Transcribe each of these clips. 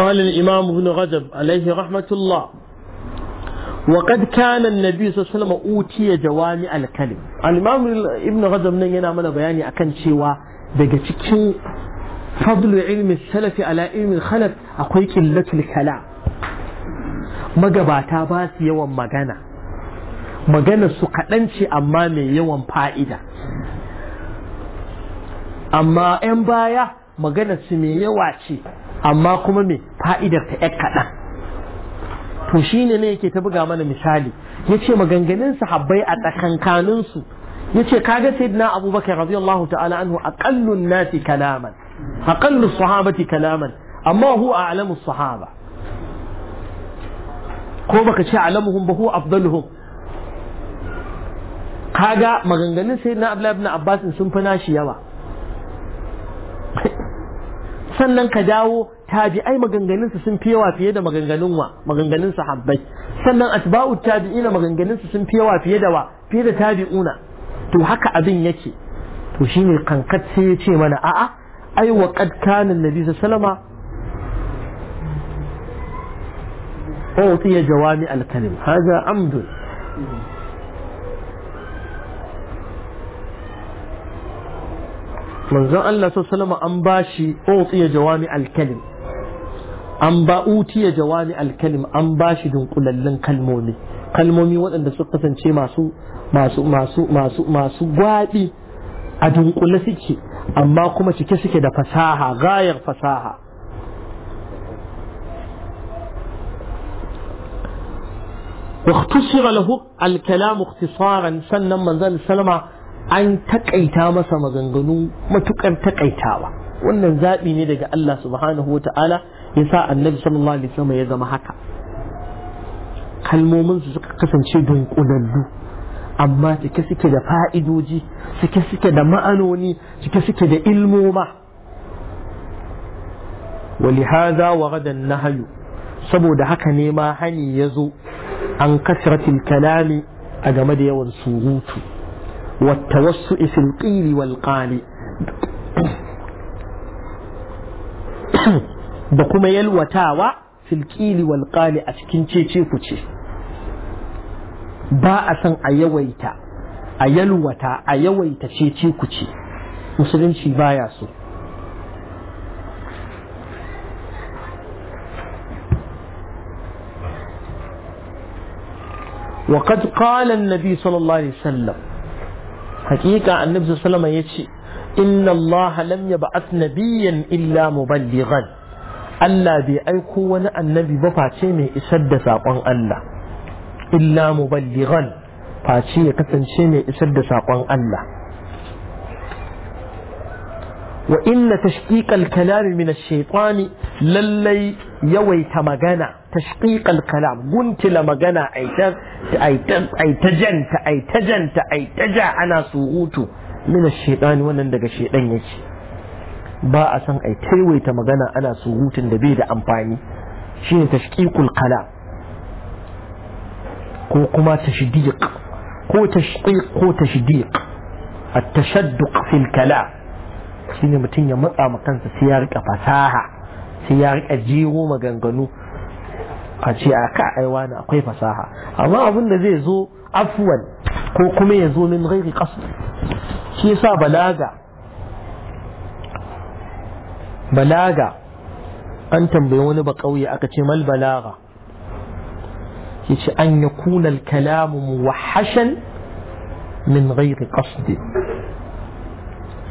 قال الإمام ابن رجب عليه رحمة الله وقد كان النبي صلى الله عليه وسلم أوتي جوامع الكلم الإمام ابن رجب نينا من بياني أكن شيوا daga cikin fadlu ilmi salafi ala ilmi khalaf akwai qillatul kalam magabata ba su yawan magana magana su kaɗan ce amma mai yawan fa'ida amma 'yan baya magana su mai yawa ce amma kuma me fa'idar ta ‘yar kaɗan to shi ne ne yake ta buga mana misali ya ce maganganun sahabbai a tsakankaninsu ya ce kaga sai na abubakar radiyallahu ta'ala anhu aƙallun nasi kalaman aƙallu sahabati kalaman amma hu a alamu sahaba ko baka ce alamuhum ba hu afdaluhum kaga maganganun sai na abdullahi ibn abbas sun fi nashi yawa sannan ka dawo tabi'ai maganganunsu sun fi yawa fiye da maganganun wa maganganun sahabbai sannan atba'u tabi'ina maganganunsu sun fi yawa fiye da wa fiye da tabi'una to haka abin yake to shine kankat sai ya ce mana a'a ai wa qad kana annabi sallama jawami جوامع الكلم هذا عمد manzon Allah sallallahu alaihi wasallam an bashi o utiya jawami al-kalim an ba utiya jawami alkalim an ba shi dunkulallin kalmomi kalmomi waɗanda suka kasance masu masu masu masu masu gwaɓi a dunkule suke amma kuma cike suke da fasaha gayar fasaha واختصر له الكلام اختصارا سنن من ذا السلمة أن تقيتا مسا مغنغنو ما تقر تقيتاوا wannan zaɓi ne daga Allah subhanahu wa yasa annabi sallallahu alaihi wasallam ya zama haka kalmomin su suka kasance don dunkulallu amma cike suke da fa'idoji cike suke da ma'anoni cike suke da ilmoma ولهذا ورد النهي saboda haka ne ma hani ya zo an kasratil kalami a game da yawan surutu wata wasu isil ƙili wal ƙali da kuma yalwatawa filkili walƙali a cikin cece kuce ba a san a yawaita a yalwata a yawaita cece kuce musulunci baya so وقد قال النبي صلى الله عليه وسلم حقيقة النبي صلى الله عليه وسلم يتشي إن الله لم يبعث نبيا إلا مبلغا Allah bai aiko wani annabi ba face mai isar da saƙon Allah illa muballighan face ya kasance mai isar da saƙon Allah wa inna tashqiqal kalam min ash-shaytan lallai yawaita magana tashqiqal kalam guntila magana aita aita aita janta aitaja ana surutu min ash wannan daga shaydan yake ba a san ai taiwaita magana ana surutun da bai da amfani shine tashqiqul kalam ko kuma tashdiq ko tashqiq ko tashdiq at-tashadduq fil kalam shine mutum ya matsa ma kansa sai ya rika fasaha sai ya rika jiro maganganu a ce a ka aiwa na akwai fasaha amma abin da zai zo afwan ko kuma ya zo min ghairi qasd shi yasa balaga بلاغة أنتم تنبيون بقوية أكتم البلاغة أن يكون الكلام موحشا من غير قصد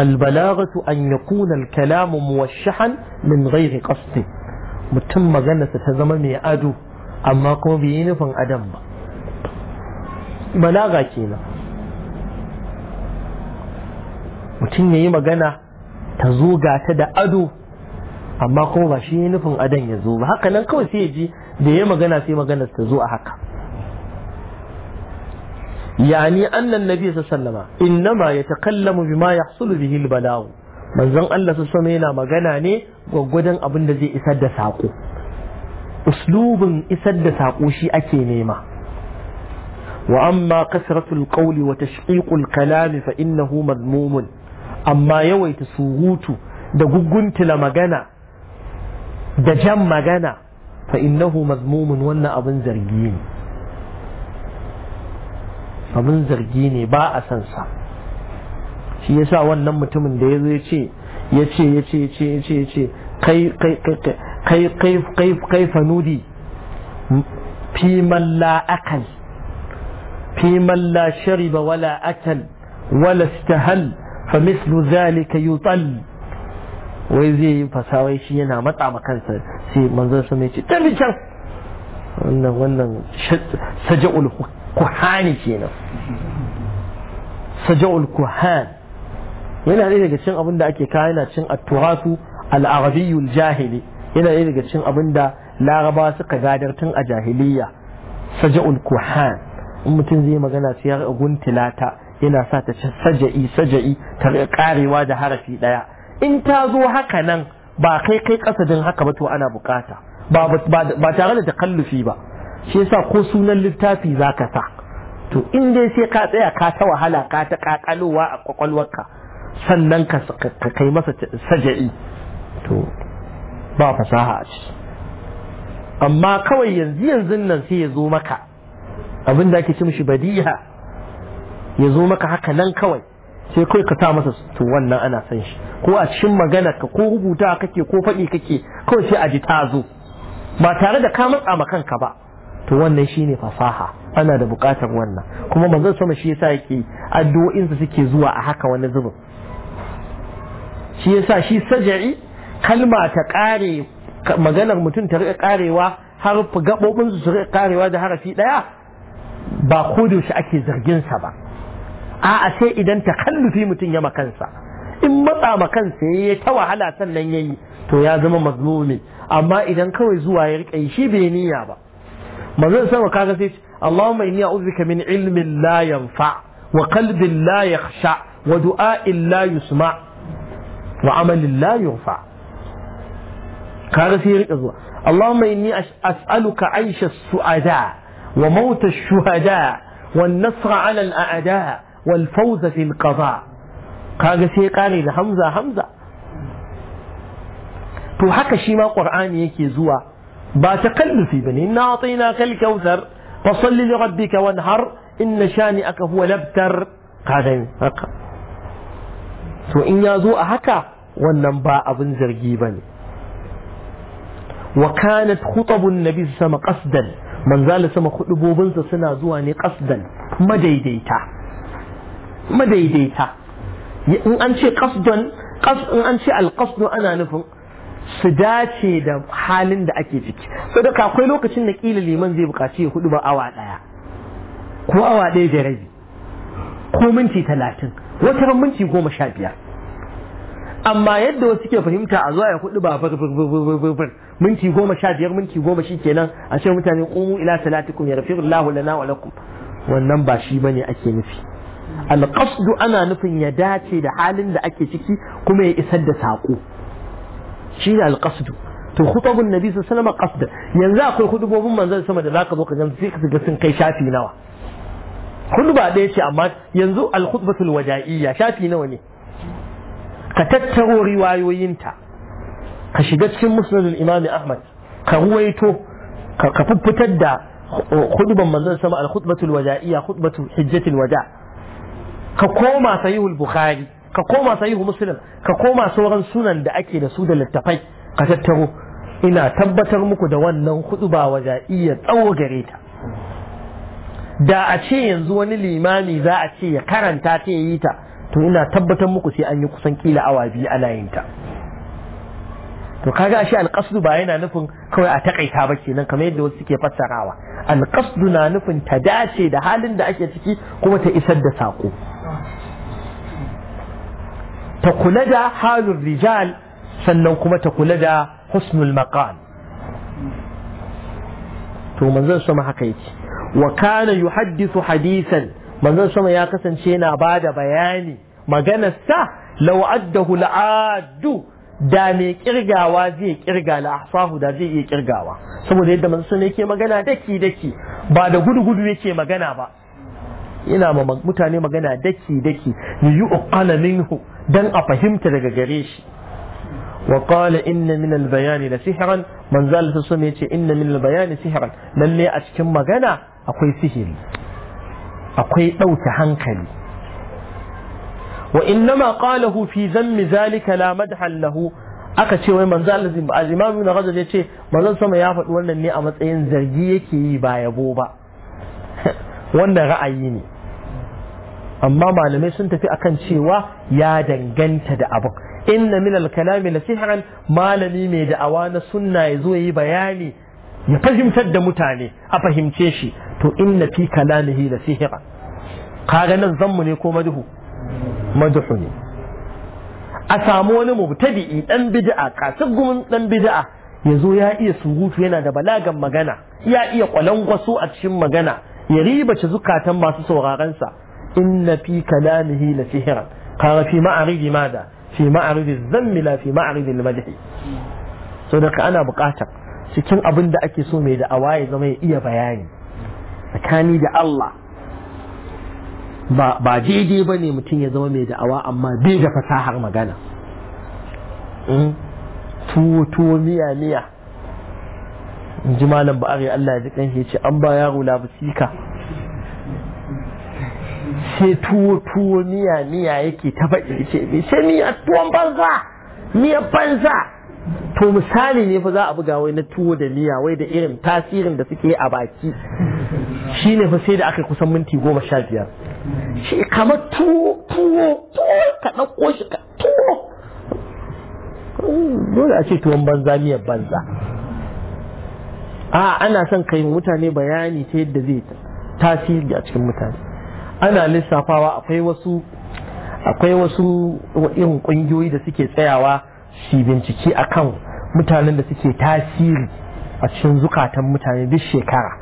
البلاغة أن يكون الكلام موشحا من غير قصد متم غنة ستزمن أدو أما كم بيين فان أدم بلاغة كينا متم يمغنى تزوغا تدأدو amma kuma ba shi nufin adan ya zo ba haka nan kawai sai ya ji da ya magana sai maganar ta zo a haka yani annan nabi sallama innama yatakallamu bima yahsulu bihi albalagh manzon Allah sallama yana magana ne gwaggwadon abin da zai isar da sako uslubin isar da sako shi ake nema wa amma kasratul qawli wa tashqiqul kalami fa innahu madmumun amma yawaita surutu da guguntula magana da jan magana fa innahu mazmumun wannan abin zargi ne abin zargi ne ba a san sa shi yasa wannan mutumin da yazo yace yace yace yace yace yace kai kai kai kai kai kai fanudi fi man la akal fi man la shariba wala akal wala istahal fa mislu zalika yutall wai zai yi fasawai shi yana matsa ma kansa sai manzon sun ce tafi can wannan wannan saja'ul kuhani kenan saja'ul kuhan yana ne daga cin abin ake kawo yana cin at-turasu al jahili yana ne daga cin abin da laraba suka gadar tun a jahiliya saja'ul kuhan in mutum zai magana sai ya guntilata ta yana sa ta ci saja'i saja'i ta karewa da harafi ɗaya in ta zo haka nan ba kai kai kasadin haka ba to ana bukata ba tare da takallufi ba shi yasa ko sunan littafi zaka sa to in dai sai ka tsaya ka ta wahala ka ta kakalowa a kwakwalwarka sannan ka kai masa saja'i to ba fasaha a ci amma kawai yanzu yanzu nan sai ya zo maka abin da ake ci mishi badiha ya zo maka haka nan kawai sai kawai ka sa masa to wannan ana san shi ko a cikin magana ka ko rubuta kake ko faɗi kake kawai sai a ji ta zo ba tare da ka matsa ma kanka ba to wannan shine fasaha ana da buƙatar wannan kuma manzon sama shi yasa yake addu'o'insa suke zuwa a haka wani zubin shi yasa shi saja'i kalma ta ƙare maganar mutum ta rika karewa har gaɓoɓin su rika karewa da harafi ɗaya ba ko da ake zargin sa ba a'a sai idan takallufi mutum ya makansa in matsa makansa ya ta wahala sannan yayi to ya zama mazlumi amma idan kawai zuwa ya rike shi bai niyya ba manzon sama kaga sai Allahumma inni a'udhuka min ilmin la yanfa wa qalbin la yakhsha wa du'a'in la yusma wa amalin la yunfa kaga sai ya rike zuwa Allahumma inni as'aluka aisha su'ada wa mauta shuhada والنصر على الأعداء والفوز في القضاء قال سي قاري لحمزه حمزه تو هكا شي ما قران يكي زوا با تكلفي بني انا اعطيناك الكوثر فصل لربك وانهر ان شانئك هو لبتر هذا هكا تو ان يا زوا هكا wannan ba abin zargi ba ne wa kanat khutabun nabi sama qasdan manzala sama khutubobinsa suna zuwa ne qasdan madaidaita madaidaita in an ce kasdon in an ce ana nufin su dace da halin da ake ciki saboda akwai lokacin da kila liman zai bukaci ya hudu ba awa daya ko awa daya da rabi ko minti talatin wata ran minti goma sha biyar amma yadda wasu ke fahimta a zuwa ya hudu ba fir minti goma sha biyar minti goma shi kenan a ce mutane qumu ila salatikum yaghfirullahu lana wa lakum wannan ba shi bane ake nufi alƙasdu ana nufin ya dace da halin da ake ciki kuma ya isar da saƙo shi ne alƙasdu to khutubun nabi sallallahu alaihi wasallam yanzu akwai hudubobin manzon sama da zaka zo ka ganta sai ka ga sun kai shafi nawa khutba ɗaya ce amma yanzu al-khutbatul shafi nawa ne ka tattaro riwayoyinta ka shiga cikin musnadul imami ahmad ka ruwaito ka fitar da uh, khutban manzon sama al-khutbatul waja'iyya khutbatul hijjatul wada' ka koma sahihul bukhari ka koma sahihu muslim ka koma sauran sunan da ake da su da littafai ka tattaro ina tabbatar muku da wannan hudu ba waja iya tsawo gare ta da a ce yanzu wani limami za a ce ya karanta ta yi ta to ina tabbatar muku sai an yi kusan kila awa biyu ana yin ta to kaga shi alqasdu ba yana nufin kawai a takaita ba kenan kamar yadda wasu suke fassarawa alqasdu na nufin ta dace da halin da ake ciki kuma ta isar da sako ta kula da halin rijal sannan kuma ta kula da husnul maqal to manzon sama haka yake wa kana yuhaddithu hadisan manzon sama ya kasance yana bada bayani maganar sa law addahu la'addu da mai kirgawa zai kirga la da zai iya kirgawa saboda yadda manzon sama yake magana daki daki ba da gudu gudu yake magana ba ina ma mutane magana daki-daki ni yi uƙala minhu a fahimta daga gare shi wa qala inna min al-bayani la sihran man zal tasum yace inna min al-bayani sihran ne a cikin magana akwai sihiri akwai dauke hankali wa inna ma qalahu fi zammi zalika la lahu aka ce wai manzo Allah zin azimamu na gaza yace manzo sama ya faɗi wannan ne a matsayin zargi yake yi ba yabo ba wanda ra'ayi ne amma malamai sun tafi akan cewa ya danganta da abu inna min al-kalami nasihan malami mai da'awa na sunna ya zo yi bayani ya fahimtar da mutane a fahimce shi to inna fi kalamihi la Ka kaga nan zammu ne ko madhu madhu ne a samu wani mubtadi'i dan bid'a kasigumin dan bid'a ya zo ya iya surutu yana da balagan magana ya iya kwalangwaso a cikin magana ya ribace zukatan masu sauraron sa inna fi kalamihi la sihra kaga fi ma'aridi mada fi ma'aridi zammi la fi ma'aridi al-madhi so da ana buƙatar cikin abin da ake so mai da'awa ya zama ya iya bayani tsakani da Allah ba daidai ba ne mutum ya zama mai da'awa amma bai da fasahar magana tuwo tuwo miya miya in ji malam ba'ari Allah ya ji kan ce an ba yaro labusika sai tuwo tuwo miya miya yake ta faɗi ce miya tuwon banza miya banza to misali ne fa za a buga wai na tuwo da miya wai da irin tasirin da suke a baki shi ne fa sai da aka kusan minti goma sha biyar shi kamar tuwo tuwo tuwo ka ɗauko shi ka tuwo dole a ce tuwon banza miya banza a ana son kai mutane bayani ta yadda zai tasiri a cikin mutane ana lissafawa akwai wasu akwai wasu irin kungiyoyi da suke tsayawa su bincike akan mutanen da suke tasiri a cikin zukatan mutane duk shekara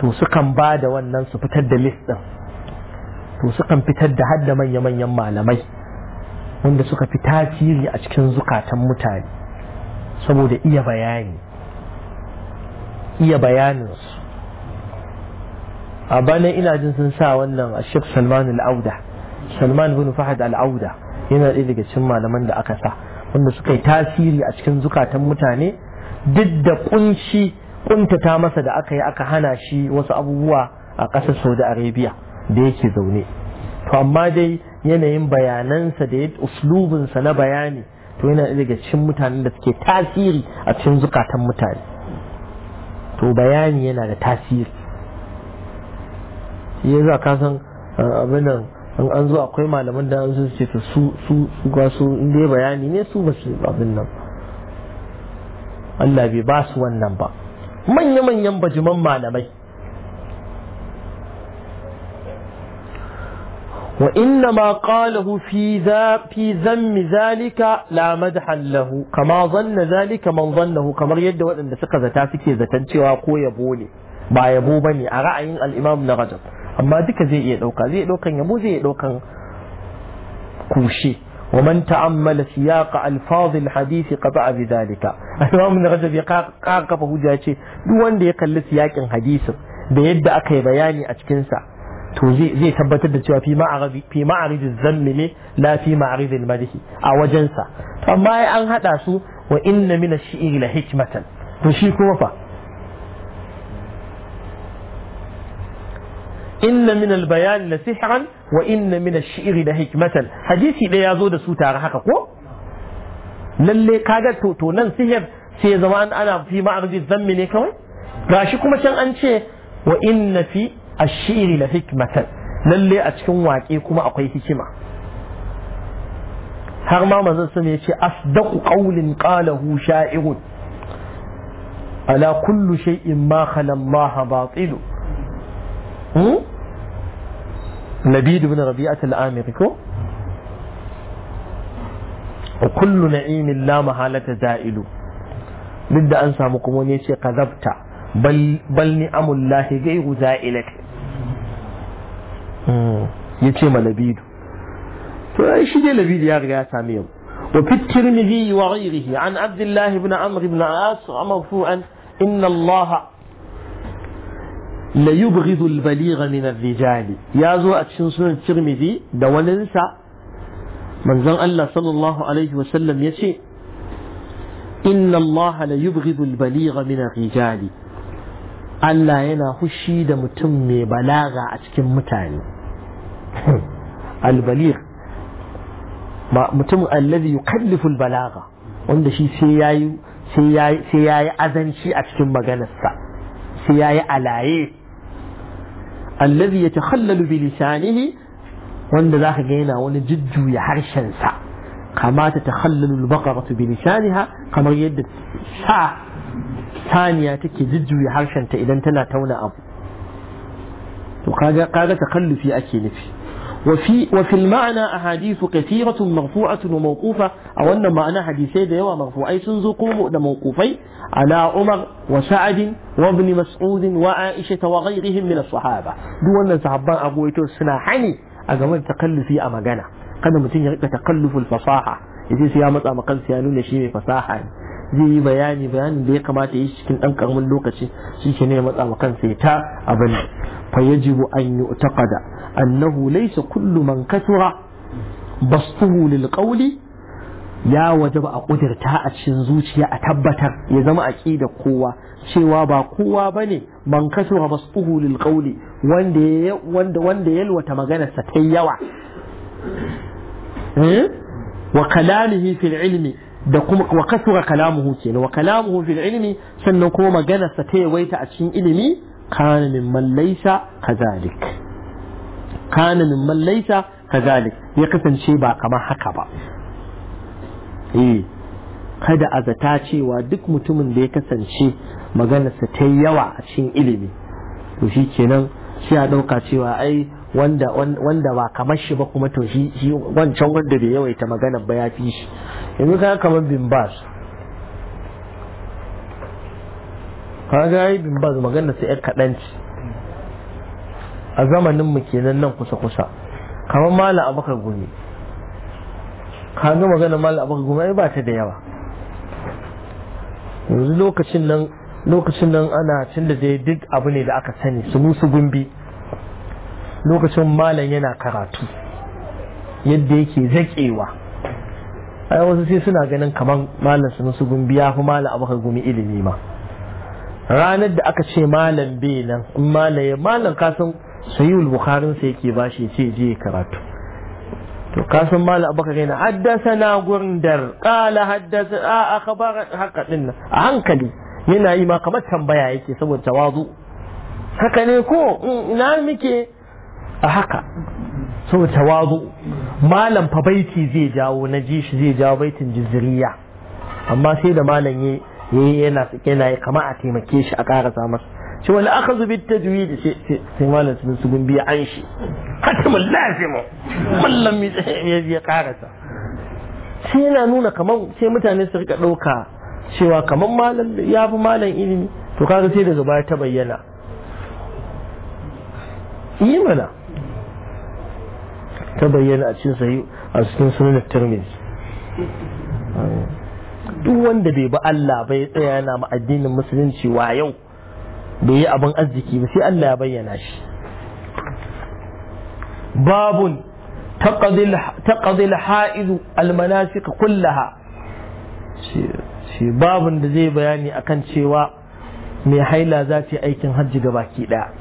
to sukan ba da wannan su fitar da list din to sukan fitar da hadda manya-manyan malamai wanda suka fi tasiri a cikin zukatan mutane saboda iya bayani iya bayaninsu a bana ina jin sun sa wannan a shek salman al'auda salman bin fahad al'auda yana ɗaya daga cikin malaman da aka sa wanda suka yi tasiri a cikin zukatan mutane duk da kunshi kuntata masa da aka yi aka hana shi wasu abubuwa a ƙasar saudi arabia da yake zaune to amma dai yanayin bayanansa da uslubinsa na bayani to yana daga cikin mutanen da suke tasiri a cikin zukatan mutane to bayani yana da tasiri ya za ka san abin nan an an zo akwai malaman da an sun ce su su su ga su in dai bayani ne su ba su abin nan Allah bai ba su wannan ba manya-manyan bajiman malamai wa inna ma qalahu fi وإنما قاله في ذا في ذم ذلك لا مدحا له كما ظن ذلك من ظنه كما يد وأن سكة ذاتا سكة ذاتا شوى قوي بوني با يبو بني أرأي الإمام نرجب amma duka zai iya ɗauka zai ɗaukan yabo zai ɗaukan kushe wa man ta'ammala siyaqa al-fadhil hadisi qata'a bi dhalika al-imam an-rajabi ka kafa hujja ce duk wanda ya kalli siyaqin hadisin da yadda aka yi bayani a cikin sa to zai tabbatar da cewa fi ma'arid fi ma'arid az-zamm la a wajensa. amma ai an haɗa su wa inna min ash-shi'ri la hikmatan to shi kuma inna min bayani la sihiran, wa inna min ash-shi'ri la hikmatan hadisi da yazo da su tare haka ko lalle kaga to to nan sihir sai zama an ana fi ma'arji zammi ne kawai gashi kuma can ance. ce wa inna fi ash-shi'ri la hikmatan lalle a cikin waƙe kuma akwai hikima har ma manzon sun ya ce asdaqu ƙala qalahu sha'irun ala kullu shay'in ma khala Allah batilu labid bin rabi'at al-amiri ko kullu na'imin la mahalata za'ilu duk da an samu kuma ne ce kazabta bal ni'amul lahi gairu za'ilat ya ce ma labidu to ai shi dai labidu ya riga ya sami yau wa fi tirmidhi wa ghayrihi an abdullahi ibn amr ibn as marfu'an inna allaha la yubghidu al-baligha min ar-rijal ya zo a cikin sunan Tirmidhi da waninsa manzon Allah sallallahu alaihi wa sallam yace inna Allah la yubghidu al-baligha min ar-rijal Allah yana hushi da mutum mai balaga a cikin mutane al-baligh mutum alladhi yukallifu al-balagha wanda shi sai yayi sai yayi azanci a cikin maganarsa sai yayi alaye الذي يتخلل بلسانه وند ذاك جينا ونججو يحرش انسا كما تتخلل البقرة بلسانها كما يد سا ثانية تكي ججو يحرش انت إذا انتنا تونا أبو وقال تخلل في أكي نفسي وفي وفي المعنى أحاديث كثيرة مرفوعة وموقوفة أو أن معنى حديثي ديوا مرفوعي سنزقوم موقوفي على عمر وسعد وابن مسعود وعائشة وغيرهم من الصحابة دون صحابة أبو سنا حني أجمل تقلفي أمجنا kada mutum ya rika takalluful fasaha yace sai ya سيانون ma kansa zai yi bayani bayanin da ya kamata yi cikin ɗan karamin lokaci shi ne ya matsa wa kansa ya ta abin fa yajibu an yi annahu laysa kullu man katura bastuhu lil qawli ya wajaba a kudirta a cikin zuciya a tabbatar ya zama aqida kowa cewa ba kowa bane man katura bastuhu lil qawli wanda ya wanda wanda yalwata maganarsa ta yawa eh? wa kalalihi fil ilmi da kuma wa kasura kalamuhu kenan wa kalamuhu fil ilmi sannan kuma magana sa ta yawaita a cikin ilimi kana mimman laysa kazalik kana mimman laysa kazalik ya kasance ba kamar haka ba eh kada a zata cewa duk mutumin da ya kasance maganarsa ta yawa a cikin ilimi to shi kenan shi a ɗauka cewa ai wanda wanda ba kamar shi ba kuma to shi wancan wanda bai yawaita maganar ba ya fi shi yanzu ka kamar bimbas kaga yi bimbas magana sai yan kaɗan ci a zamanin mu kenan nan kusa kusa kamar mala abakar gumi kaga magana mala abakar gumi ai ba ta da yawa yanzu lokacin nan lokacin nan ana cin da dai duk abu ne da aka sani su musu gumbi lokacin malam yana karatu yadda yake zaƙewa ai wasu sai suna ganin kamar malam su musu gumbi ya fi malam abu gumi ilimi ma ranar da aka ce malam be nan in malam ya malam kasan sayyul bukharin sai yake bashi ce je karatu to kasan malam abu gaina haddasa na gundar kala haddasa a akhbar haka din nan a hankali yana yi ma kamar tambaya yake saboda tawazu haka ne ko mm, ina muke a haka saboda tawazu malam fa baiti zai jawo na ji shi zai jawo baitin jizriya amma sai da malam ya yi yana yana kama a taimake shi a karasa masa shi wani aka zubi ta juyi da sai malam sun su gumbi an shi mun lazimu mallam ya karasa sai yana nuna kamar sai mutane su rika ɗauka cewa kamar malam ya fi malam ilimi to kaga sai daga baya ta bayyana yi mana ta bayyana a cikin sahih a cikin sunan tirmidhi duk wanda bai bi Allah bai tsaya yana ma addinin musulunci wa yau bai yi abin arziki ba sai Allah ya bayyana shi babun taqdi al-ha'id al-manasik kullaha shi babun da zai bayani akan cewa mai haila za ta yi aikin hajji ga baki daya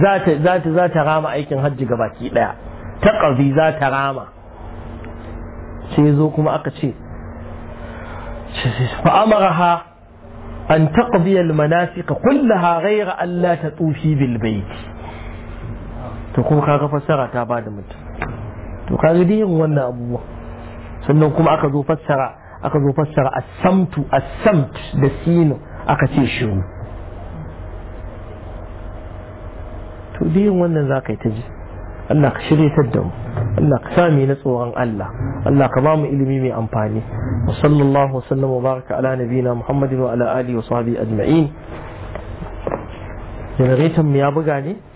zata zata zata rama aikin haji ga baki daya ta ƙazi zata rama sai zo kuma aka ce fa fa'amaraha an taqdi al manasik kullaha ghayra an la tatufi bil bayt to kuma kaga fassara ta bada mutum to kaga dai wannan abubuwa sannan kuma aka zo fassara aka zo fassara as-samtu as-samt da sinu aka ce shiru to wannan za ka yi ta ji Allah ka shirya da mu Allah ka sami na tsoron Allah Allah ka ba mu ilimi mai amfani wa sallallahu wasallam wa baraka ala nabina Muhammadin wa ala alihi wa sahbihi ajma'in generator mu ya buga ne